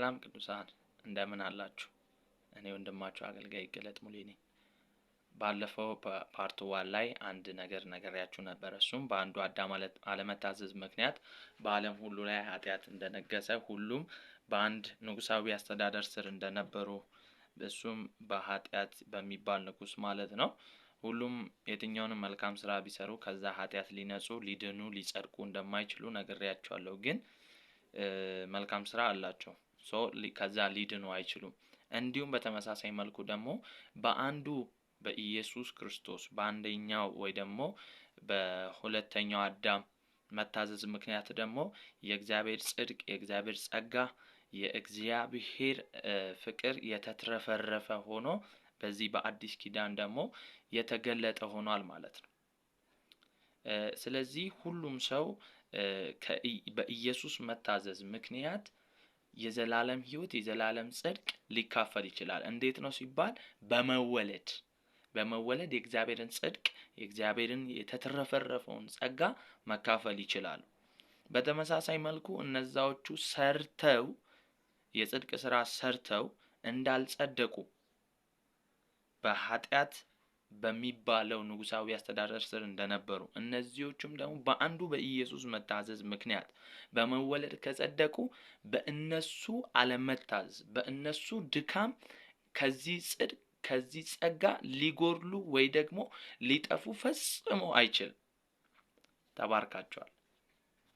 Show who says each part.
Speaker 1: ሰላም ቅዱሳን እንደምን አላችሁ? እኔ ወንድማችሁ አገልጋይ ገለጥ ሙሌ ነኝ። ባለፈው ፓርት ዋን ላይ አንድ ነገር ነገሬያችሁ ነበር። እሱም በአንዱ አዳም አለመታዘዝ ምክንያት በአለም ሁሉ ላይ ኃጢአት እንደነገሰ ሁሉም በአንድ ንጉሳዊ አስተዳደር ስር እንደነበሩ እሱም በኃጢአት በሚባል ንጉስ ማለት ነው። ሁሉም የትኛውንም መልካም ስራ ቢሰሩ ከዛ ኃጢአት ሊነጹ፣ ሊድኑ፣ ሊጸድቁ እንደማይችሉ ነገሪያቸዋለሁ ግን መልካም ስራ አላቸው ሶ ከዛ ሊድኑ አይችሉም። እንዲሁም በተመሳሳይ መልኩ ደግሞ በአንዱ በኢየሱስ ክርስቶስ በአንደኛው ወይ ደግሞ በሁለተኛው አዳም መታዘዝ ምክንያት ደግሞ የእግዚአብሔር ጽድቅ፣ የእግዚአብሔር ጸጋ፣ የእግዚአብሔር ፍቅር የተትረፈረፈ ሆኖ በዚህ በአዲስ ኪዳን ደግሞ የተገለጠ ሆኗል ማለት ነው። ስለዚህ ሁሉም ሰው በኢየሱስ መታዘዝ ምክንያት የዘላለም ህይወት የዘላለም ጽድቅ ሊካፈል ይችላል። እንዴት ነው ሲባል በመወለድ በመወለድ የእግዚአብሔርን ጽድቅ የእግዚአብሔርን የተትረፈረፈውን ጸጋ መካፈል ይችላሉ። በተመሳሳይ መልኩ እነዛዎቹ ሰርተው የጽድቅ ስራ ሰርተው እንዳልጸደቁ በኃጢአት በሚባለው ንጉሳዊ አስተዳደር ስር እንደነበሩ እነዚዎቹም ደግሞ በአንዱ በኢየሱስ መታዘዝ ምክንያት በመወለድ ከጸደቁ በእነሱ አለመታዘዝ በእነሱ ድካም ከዚህ ጽድቅ ከዚህ ጸጋ ሊጎድሉ ወይ ደግሞ ሊጠፉ ፈጽሞ አይችልም። ተባርካቸዋል።